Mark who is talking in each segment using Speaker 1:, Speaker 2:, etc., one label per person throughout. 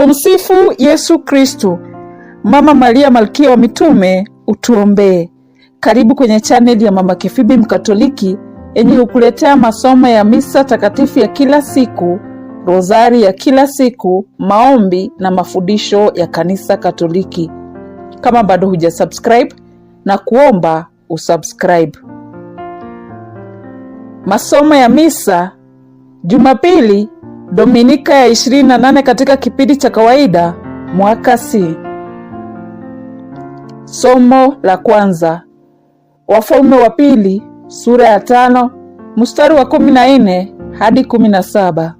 Speaker 1: Tumsifu Yesu Kristu. Mama Maria malkia wa mitume, utuombee. Karibu kwenye chaneli ya Mama Kifibi Mkatoliki yenye hukuletea masomo ya misa takatifu ya kila siku, rozari ya kila siku, maombi na mafundisho ya kanisa Katoliki. Kama bado hujasubscribe na kuomba usubscribe. Masomo ya misa Jumapili Dominika ya 28 katika kipindi cha kawaida mwaka C. Somo la kwanza Wafalme wa pili sura ya tano mstari wa 14 hadi 17.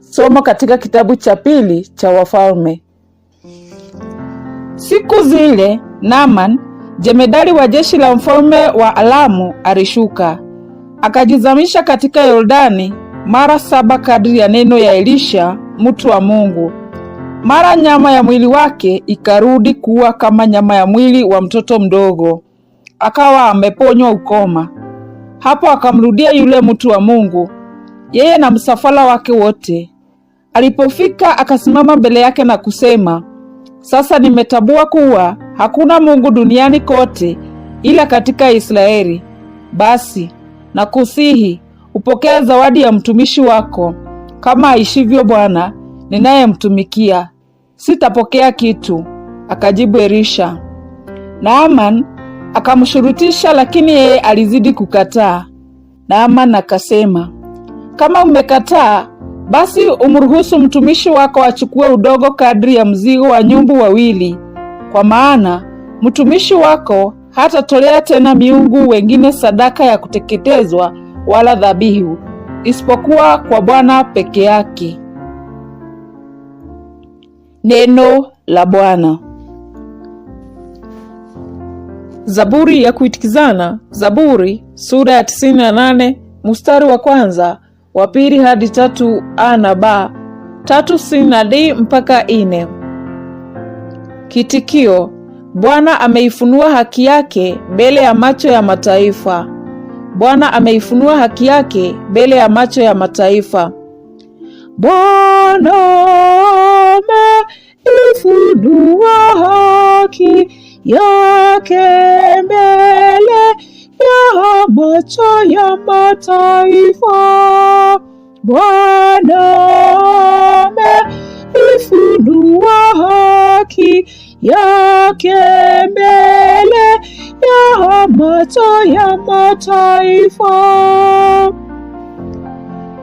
Speaker 1: Somo katika kitabu cha pili cha Wafalme. Siku zile naman jemedari wa jeshi la mfalme wa Alamu alishuka akajizamisha katika Yordani mara saba kadri ya neno ya Elisha mtu wa Mungu. Mara nyama ya mwili wake ikarudi kuwa kama nyama ya mwili wa mtoto mdogo, akawa ameponywa ukoma. Hapo akamrudia yule mtu wa Mungu, yeye na msafara wake wote. Alipofika akasimama mbele yake na kusema, sasa nimetambua kuwa hakuna Mungu duniani kote ila katika Israeli. Basi nakusihi Hupokea zawadi ya mtumishi wako kama aishivyo Bwana ninayemtumikia, sitapokea kitu. Akajibu erisha Naaman akamshurutisha, lakini yeye alizidi kukataa. Naaman akasema, kama umekataa, basi umruhusu mtumishi wako achukue udogo kadri ya mzigo wa nyumbu wawili, kwa maana mtumishi wako hatatolea tena miungu wengine sadaka ya kuteketezwa wala dhabihu, isipokuwa kwa Bwana peke yake. Neno la Bwana. Zaburi ya kuitikizana. Zaburi sura ya 98 mstari wa kwanza, wa pili hadi tatu a na ba tatu si na d mpaka ine. Kitikio: Bwana ameifunua haki yake mbele ya macho ya mataifa. Bwana ameifunua haki yake mbele ya macho ya mataifa. Bwana ameifunua haki yake mbele ya macho ya mataifa. Bwana ameifunua haki yake mbele ya macho ya mataifa.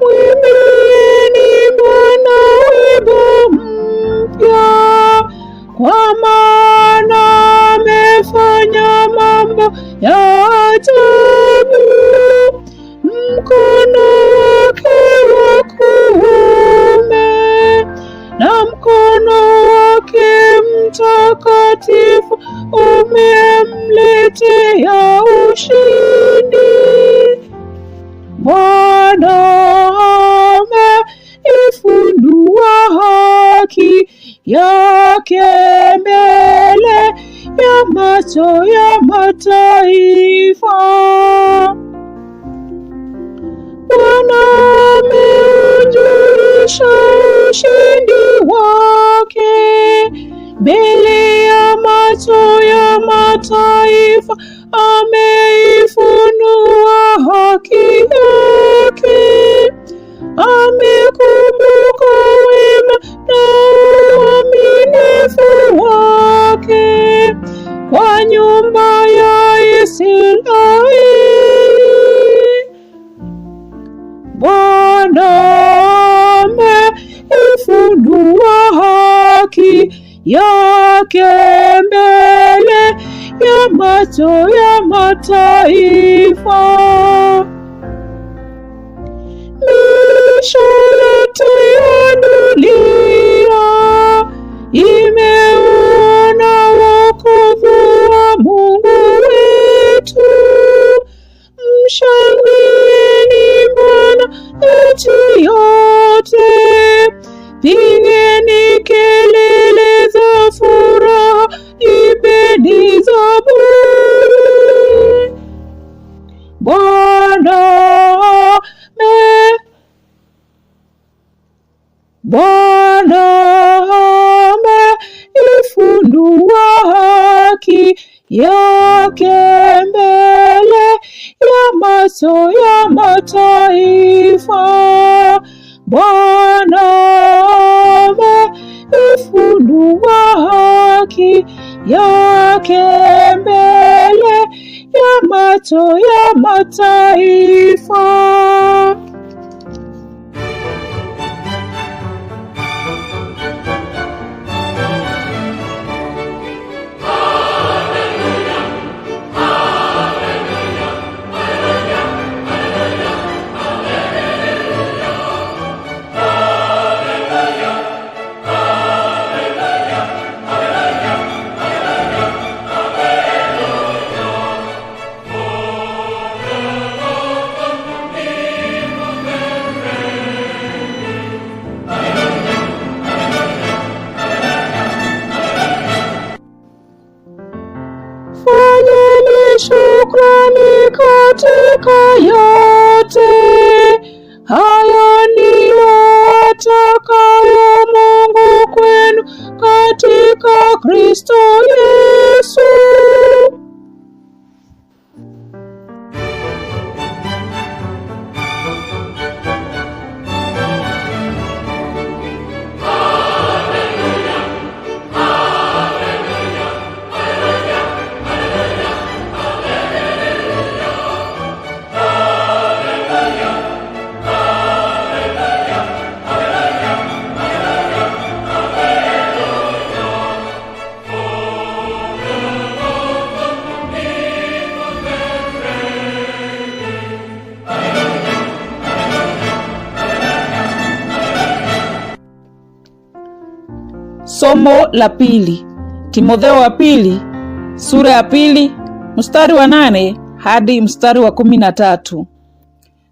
Speaker 1: Mwimbeni Bwana wimbo mpya, kwa maana amefanya mambo ya ajabu. yake mbele ya macho ya mataifa. Bwana ameujulisha ushindi wake mbele ya macho ya mataifa. yake mbele ya macho ya mataifa. Misho saburi. Bwana ame Bwana ameifundua haki yake mbele ya macho ya mataifa. Bwana ameifundua haki yake mbele ya macho ya mataifa. Jeremiah. Somo la pili, Timotheo wa pili sura ya pili mstari wa nane hadi mstari wa kumi na tatu.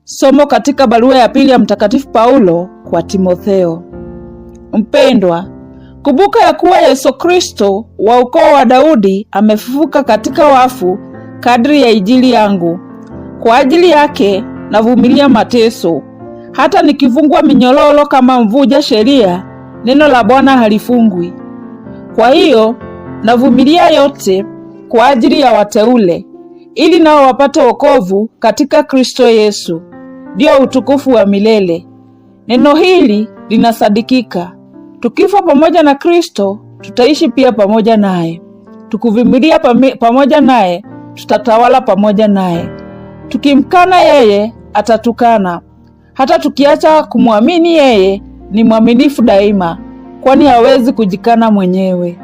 Speaker 1: Somo katika barua ya pili ya Mtakatifu Paulo kwa Timotheo. Mpendwa, kumbuka ya kuwa Yesu Kristo wa ukoo wa Daudi amefufuka katika wafu kadri ya Injili yangu. Kwa ajili yake navumilia mateso, hata nikivungwa minyororo kama mvuja sheria neno la Bwana halifungwi. Kwa hiyo navumilia yote kwa ajili ya wateule, ili nao wapate wokovu katika Kristo Yesu, ndio utukufu wa milele. Neno hili linasadikika, tukifa pamoja na Kristo tutaishi pia pamoja naye, tukuvumilia pamoja naye tutatawala pamoja naye, tukimkana yeye atatukana, hata tukiacha kumwamini yeye ni mwaminifu daima, kwani hawezi kujikana mwenyewe.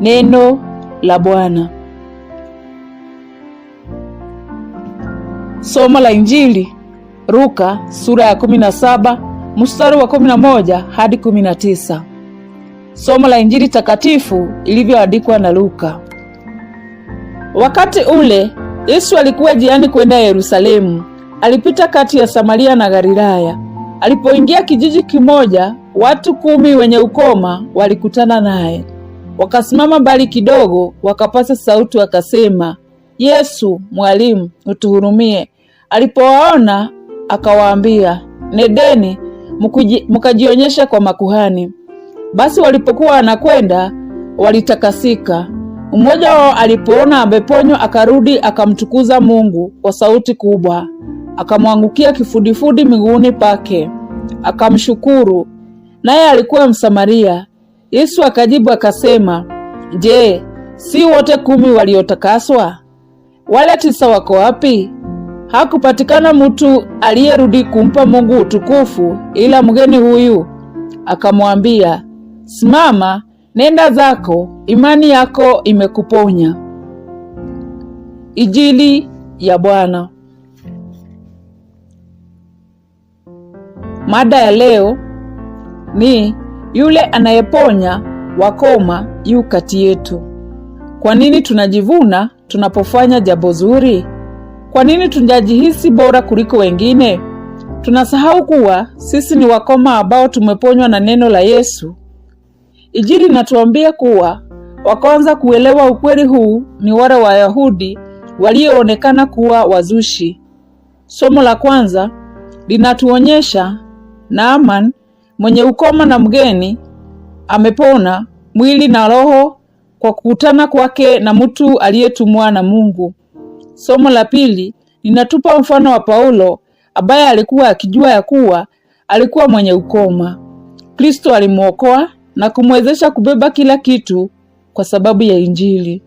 Speaker 1: Neno la Bwana. Somo la Injili Luka sura ya 17 mstari wa 11 hadi 19. Somo la Injili takatifu ilivyoandikwa na Luka. Wakati ule Yesu alikuwa jiani kwenda Yerusalemu, alipita kati ya Samaria na Galilaya. Alipoingia kijiji kimoja, watu kumi wenye ukoma walikutana naye, wakasimama mbali kidogo, wakapasa sauti wakasema, Yesu Mwalimu, utuhurumie. Alipowaona akawaambia, nedeni mkajionyesha kwa makuhani. Basi walipokuwa wanakwenda walitakasika. Mmoja wao alipoona ameponywa, akarudi akamtukuza Mungu kwa sauti kubwa, akamwangukia kifudifudi miguuni pake, akamshukuru, naye alikuwa Msamaria. Yesu akajibu akasema, Je, si wote kumi waliotakaswa? Wale tisa wako wapi? Hakupatikana mtu aliyerudi kumpa Mungu utukufu ila mgeni huyu. Akamwambia, simama, nenda zako, imani yako imekuponya. Ijili ya Bwana. Mada ya leo ni yule anayeponya wakoma yu kati yetu. Kwa nini tunajivuna tunapofanya jambo zuri? Kwa nini tunajihisi bora kuliko wengine? Tunasahau kuwa sisi ni wakoma ambao tumeponywa na neno la Yesu. Injili inatuambia kuwa wa kwanza kuelewa ukweli huu ni wale Wayahudi walioonekana kuwa wazushi. Somo la kwanza linatuonyesha Naaman mwenye ukoma na mgeni amepona mwili na roho kwa kukutana kwake na mtu aliyetumwa na Mungu. Somo la pili linatupa mfano wa Paulo ambaye alikuwa akijua ya kuwa alikuwa mwenye ukoma. Kristo alimwokoa na kumwezesha kubeba kila kitu kwa sababu ya Injili.